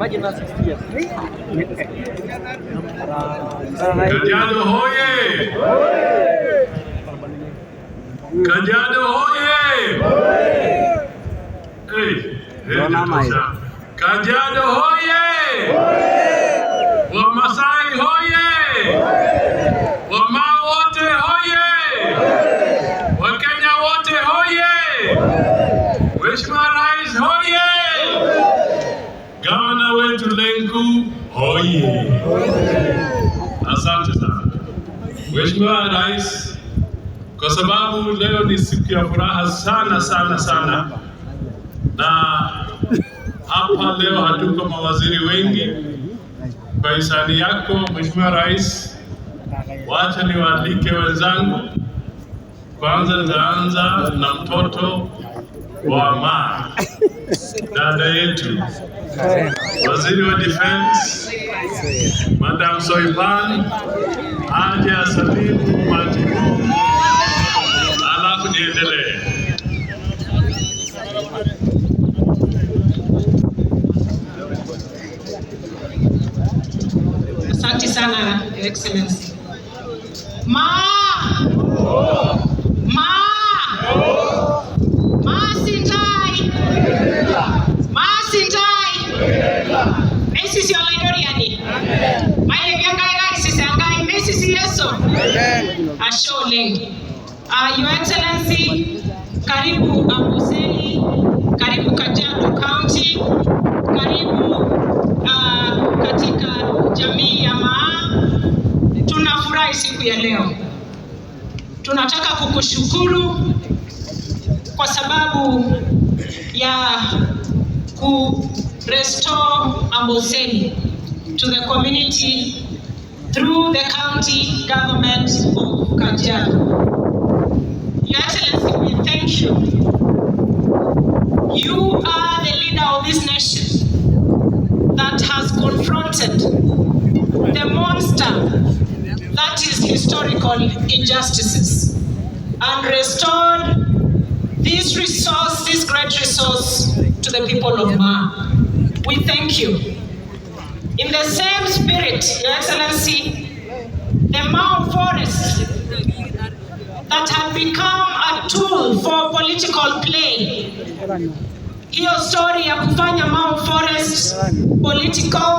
Imagina nós esses dias. Candidato Roy! Candidato Roy! Ei! Dona Maia. Asante sana Mheshimiwa Rais, kwa sababu leo ni siku ya furaha sana sana sana, na hapa leo hatuko mawaziri wengi. Kwa hisani yako Mheshimiwa Rais, wacha niwaalike wenzangu. Kwanza nitaanza na mtoto wa ma dada yetu waziri wa defense Madam Soipan aje asalimu majibu, alafu niendelee. Asante sana Your Excellency. Ma Ole. Uh, ah, Your Excellency, karibu Amboseli, karibu Kajiado County, karibu uh, katika jamii ya Maa. Tunafurahi siku ya leo, tunataka kukushukuru kwa sababu ya ku restore Amboseli to the community through the county government Kajiado. Your Excellency, we thank you. You are the leader of this nation that has confronted the monster that is historical injustices and restored this resource, this great resource, to the people of Ma. We thank you. In the same spirit, Your Excellency, the Mao that had become a tool for political play. Hiyo story ya kufanya Mount Forest political,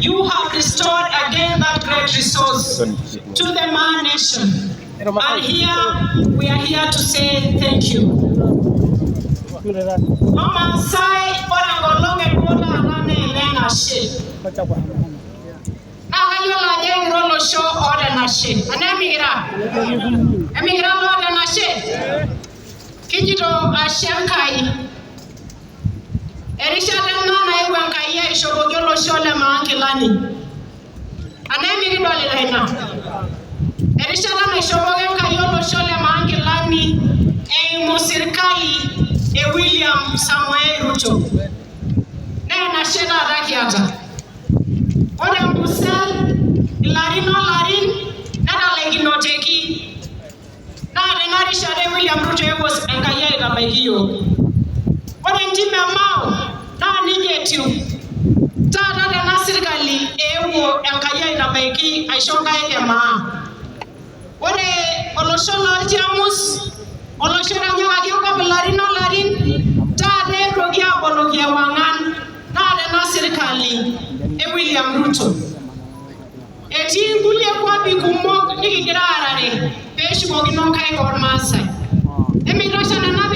you have restored again that great resource to the Ma nation. And here, we are here to say thank you. Mama Sai, Bwana Golonge, Bwana Anane, Elena She. Na hayo la jengo show order na she anemigira emigira order na she kijito ashankai uh, erishata ena naiwa enkai aishopoki olosho le maa nkilani anemikidolita ina erishata naishopoki enkai olosho le maa nkilani eimu sirkali e William samuel Ruto naa enashe taata kiata ore embusa hiyo wananjime amao naa ninye etiu taata tena sirkali eewuo enkai aitabaiki aisho nkaik emaa ore olosho loljamus olosho otanyikaki nkop ilarin olarin taata eetuoki aaboloki ewang'an naa tena sirkali e William Ruto etii nkulie kwapi kumok nikigira aarare peeshukokino nkaik e ormaasai nemeitosha nena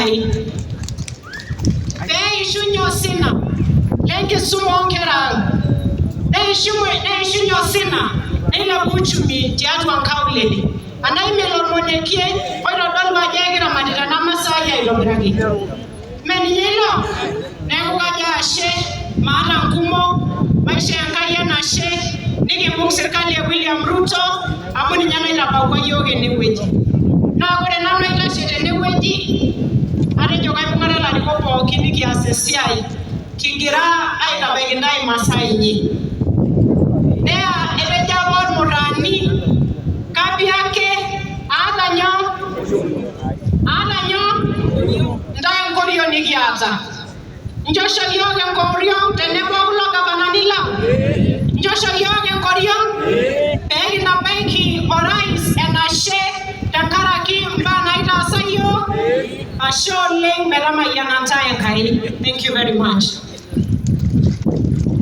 yayi dei shunyosina lenge sumwongeranga dei shumwe dei shunyosina neila buchumi tiatwa nkauleli anaimelormonekie oilodolwajegira matita namasaya ilobiraki meninyeilo nekukaja ashe maata nkumo maisha yankai yanashe nikimbung serikali ya William Ruto amu ninye nailabakwa yook eneweji naa ore nanu aitashe tenewueji atejo kaibung'are ilarikok pookin nikias esiai kigira aitabaiki ntae masaa inyi neya etejo apa ormutaani kabia ake aata nyoo aata nyoo ntae enkoriong nikiata nchosho yiok enkoriong tenebo okulo gavanani lang nchosho yiok enkoriong Ashole Merama Yanataya Kai. Thank you very much.